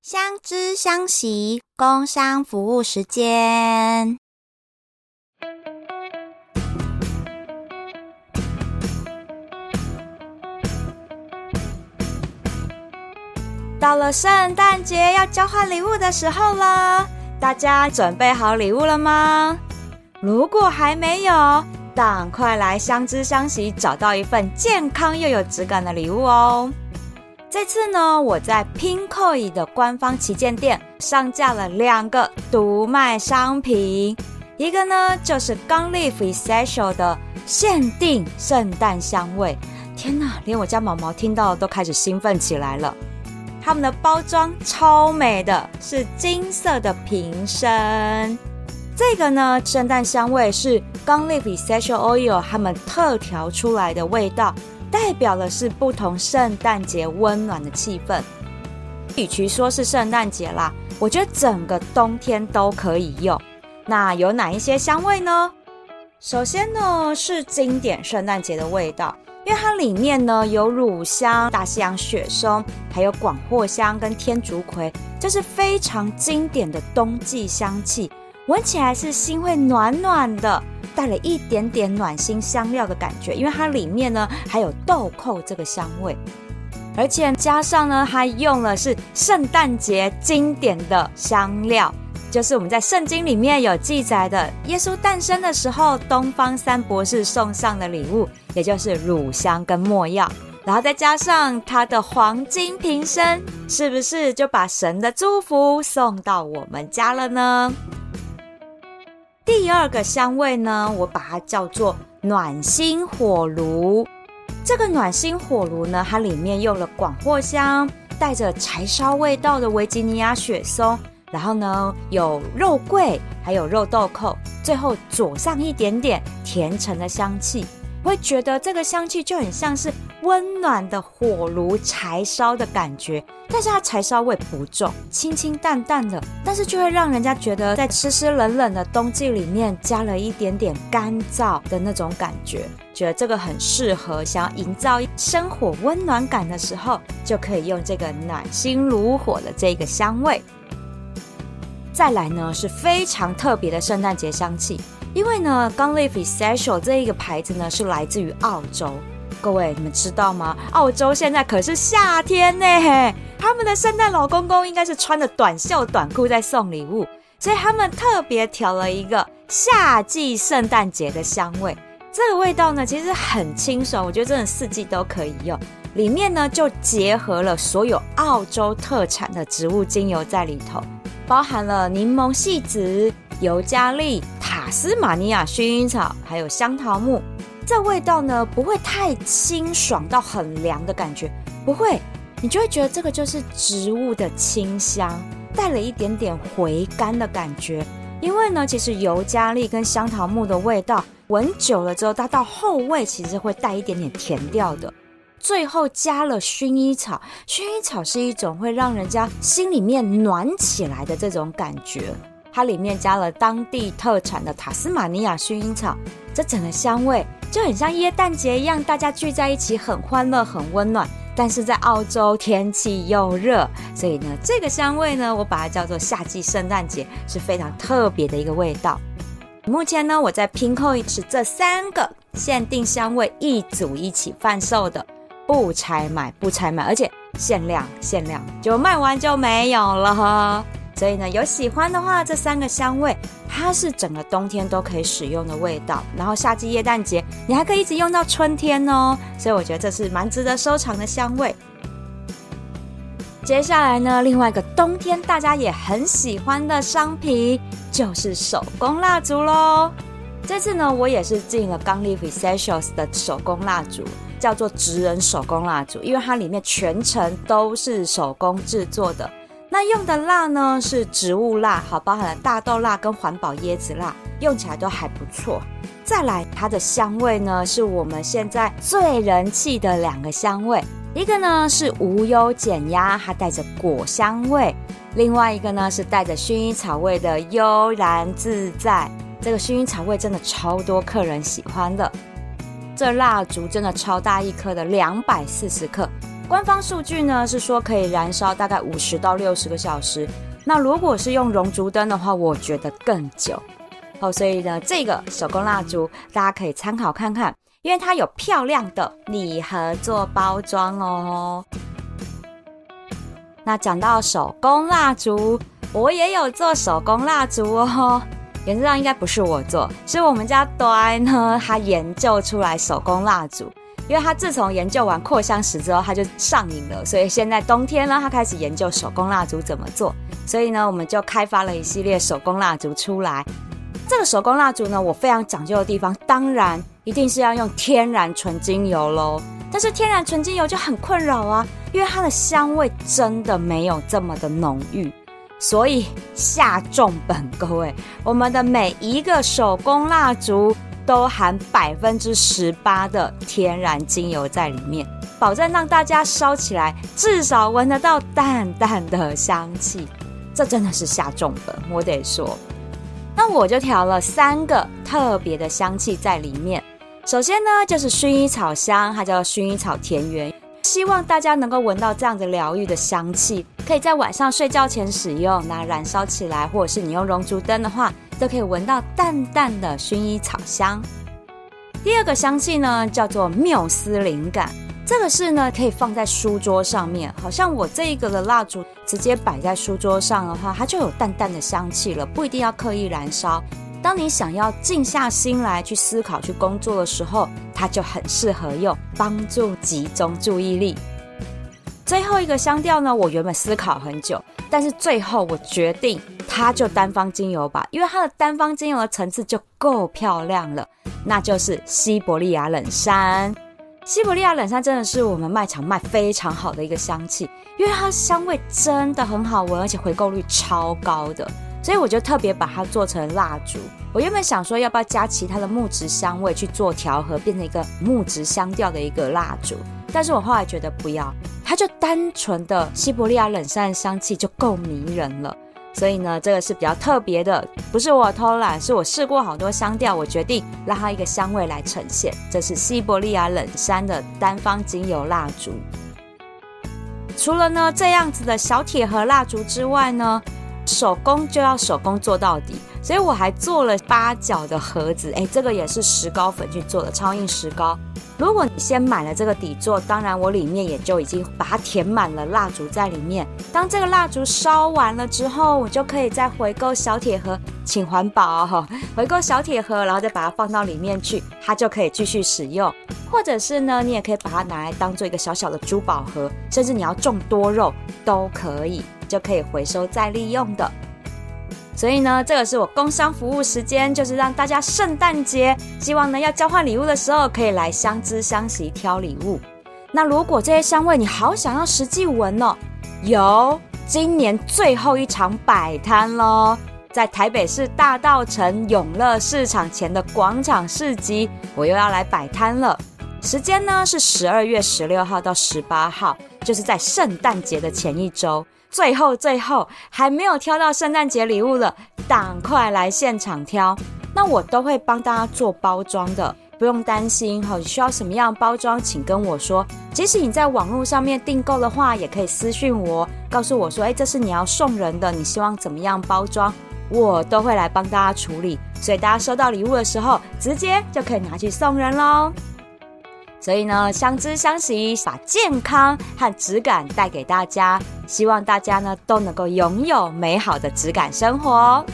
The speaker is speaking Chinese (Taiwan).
香知香息工商服務時間到了聖誕節，聖誕節要交換禮物的時候了，大家準備好禮物了嗎？如果還沒有，趕快來香知香息，找到一份健康又有植感的禮物哦！這次呢，我在 PinKoi 的官方旗艦店上架了兩個獨賣商品，一個呢就是 Gunleaf Essential 的限定聖誕香味。天哪，連我家毛毛聽到都開始興奮起來了。他們的包裝超美的，是金色的瓶身，這個呢，聖誕香味是 Gunleaf Essential Oil 他們特調出來的味道。代表的是不同聖誕節溫暖的氣氛，與其說是聖誕節啦，我覺得整個冬天都可以用。那有哪一些香味呢？首先呢是經典聖誕節的味道，因為它裡面呢有乳香、大西洋雪松，還有廣藿香跟天竺葵，這是非常經典的冬季香氣。聞起來是心會暖暖的，帶了一點點暖心香料的感覺，因為它裡面呢還有豆蔻這個香味，而且加上呢，它用了是聖誕節經典的香料，就是我們在聖經裡面有記載的，耶穌誕生的時候，東方三博士送上的禮物，也就是乳香跟沒藥，然後再加上它的黃金瓶身，是不是就把神的祝福送到我們家了呢？第二個香味呢，我把它叫做暖心火爐。這個暖心火爐呢，它裡面用了廣藿香，帶着柴燒味道的維吉尼亞雪松，然後呢有肉桂，還有肉豆蔻，最後佐上一點點甜橙的香氣。我會覺得這個香氣就很像是。溫暖的火爐柴燒的感覺，但是它柴燒味不重，清清淡淡的，但是就會讓人家覺得在濕濕冷冷的冬季裡面加了一點點乾燥的那種感覺，覺得這個很適合想要營造生火溫暖感的時候，就可以用這個暖心爐火的這個香味。再來呢，是非常特別的聖誕節香氣，因為呢 Gunleaf Essential 這一個牌子呢是來自於澳洲。各位，你們知道嗎？澳洲現在可是夏天呢，他們的聖誕老公公應該是穿着短袖短褲在送禮物，所以他們特別調了一個夏季聖誕節的香味。這個味道呢，其實很清爽，我覺得真的四季都可以用。裡面呢，就結合了所有澳洲特產的植物精油在裡頭，包含了檸檬細籽、尤加利、塔斯馬尼亞薰衣草，還有香桃木。這味道呢，不會太清爽到很涼的感覺，不會，你就會覺得這個就是植物的清香，帶了一點點回甘的感覺。因為呢，其實尤加利跟香桃木的味道，聞久了之後，它到後味其實會帶一點點甜調的。最後加了薰衣草，薰衣草是一種會讓人家心裡面暖起來的這種感覺。它裡面加了當地特產的塔斯馬尼亞薰衣草，這整個香味。就很像耶誕節一樣，大家聚在一起很歡樂、很溫暖。但是在澳洲天氣又熱，所以呢，這個香味呢，我把它叫做夏季聖誕節，是非常特別的一個味道。目前呢，我在拼扣一次這三個限定香味一組一起販售的，不拆買，不拆買，而且限量，限量，就賣完就沒有了。所以呢，有喜歡的話，這三個香味它是整個冬天都可以使用的味道，然後夏季聖誕節你還可以一直用到春天哦，所以我覺得這是蠻值得收藏的香味。接下來呢，另外一個冬天大家也很喜歡的商品就是手工蠟燭嘍。這次呢，我也是進了剛 Live e s s i s 的手工蠟燭，叫做職人手工蠟燭，因為它裡面全程都是手工制作的。它用的蠟呢是植物蠟，好，包含了大豆蠟跟環保椰子蠟，用起來都還不錯。再來，它的香味呢是我們現在最人氣的兩個香味，一個呢是無憂減壓，它帶着果香味；另外一個呢是帶着薰衣草味的悠然自在。這個薰衣草味真的超多客人喜歡的。這蠟燭真的超大一顆的，兩百四十克。官方數據呢是說可以燃燒大概五十到六十個小時。那如果是用熔燭燈的話，我覺得更久。好，oh，所以呢，這個手工蠟燭大家可以參考看看，因為它有漂亮的禮盒做包裝哦。那講到手工蠟燭，我也有做手工蠟燭哦。原則上應該不是我做，是我們家大 ㄟ 呢，他研究出來手工蠟燭。因為他自從研究完擴香石之後，他就上癮了，所以現在冬天呢，他開始研究手工蠟燭怎麼做。所以呢，我們就開發了一系列手工蠟燭出來。這個手工蠟燭呢，我非常講究的地方，當然一定是要用天然純精油嘍。但是天然純精油就很困擾啊，因為它的香味真的沒有這麼的濃郁，所以下重本各位，我們的每一個手工蠟燭。都含百分之十八的天然精油在裡面，保證讓大家燒起來至少聞得到淡淡的香氣。這真的是下重本，我得說。那我就調了三個特別的香氣在裡面。首先呢，就是薰衣草香，它叫薰衣草田園。希望大家能夠聞到這樣的療癒的香氣，可以在晚上睡覺前使用，那燃燒起來，或者是你用熔燭燈的話，都可以聞到淡淡的薰衣草香。第二個香氣呢，叫做繆斯靈感，這個是呢可以放在書桌上面，好像我這一個的蠟燭直接擺在書桌上的話，它就有淡淡的香氣了，不一定要刻意燃燒。當你想要靜下心來去思考、去工作的時候，它就很適合用，幫助集中注意力。最後一個香調呢，我原本思考很久，但是最後我決定它就單方精油吧，因為它的單方精油的層次就夠漂亮了，那就是西伯利亞冷杉。西伯利亞冷杉真的是我們賣場賣非常好的一個香氣，因為它的香味真的很好聞，而且回購率超高的。所以我就特別把它做成蠟燭。我原本想說要不要加其他的木質香味去做調和，變成一個木質香調的一個蠟燭，但是我後來覺得不要，它就單純的西伯利亞冷杉的香氣就夠迷人了。所以呢，這個是比較特別的，不是我偷懶，是我試過好多香調，我決定讓它一個香味來呈現。這是西伯利亞冷杉的單方精油蠟燭。除了呢這樣子的小鐵盒蠟燭之外呢。手工就要手工做到底，所以我還做了八角的盒子，哎，這個也是石膏粉去做的，超硬石膏。如果你先買了這個底座，當然我裡面也就已經把它填滿了蠟燭在裡面。當這個蠟燭燒完了之後，我就可以再回購小鐵盒，請環保哦，回購小鐵盒，然後再把它放到裡面去，它就可以繼續使用。或者是呢，你也可以把它拿來當做一個小小的珠寶盒，甚至你要種多肉都可以。就可以回收再利用的。所以呢，這個是我工商服務時間，就是讓大家聖誕節希望呢要交換禮物的時候可以來香知香息挑禮物。那如果這些香味你好想要實際聞呢、哦，有今年最後一場擺攤咯，在台北市大稻埕永樂市場前的廣場市集，我又要來擺攤了。時間呢是十二月十六號到十八號，就是在聖誕節的前一周。最後最後還沒有挑到聖誕節禮物的，趕快來現場挑，那我都會幫大家做包裝的，不用擔心哈。你、哦、需要什麼樣包裝，請跟我說。即使你在網絡上面訂購的話，也可以私訊我，告訴我說，誒，這是你要送人的，你希望怎麼樣包裝，我都會來幫大家處理。所以大家收到禮物的時候，直接就可以拿去送人嘍。所以呢，香知香息，把健康和植感帶給大家，希望大家呢都能夠擁有美好的質感生活。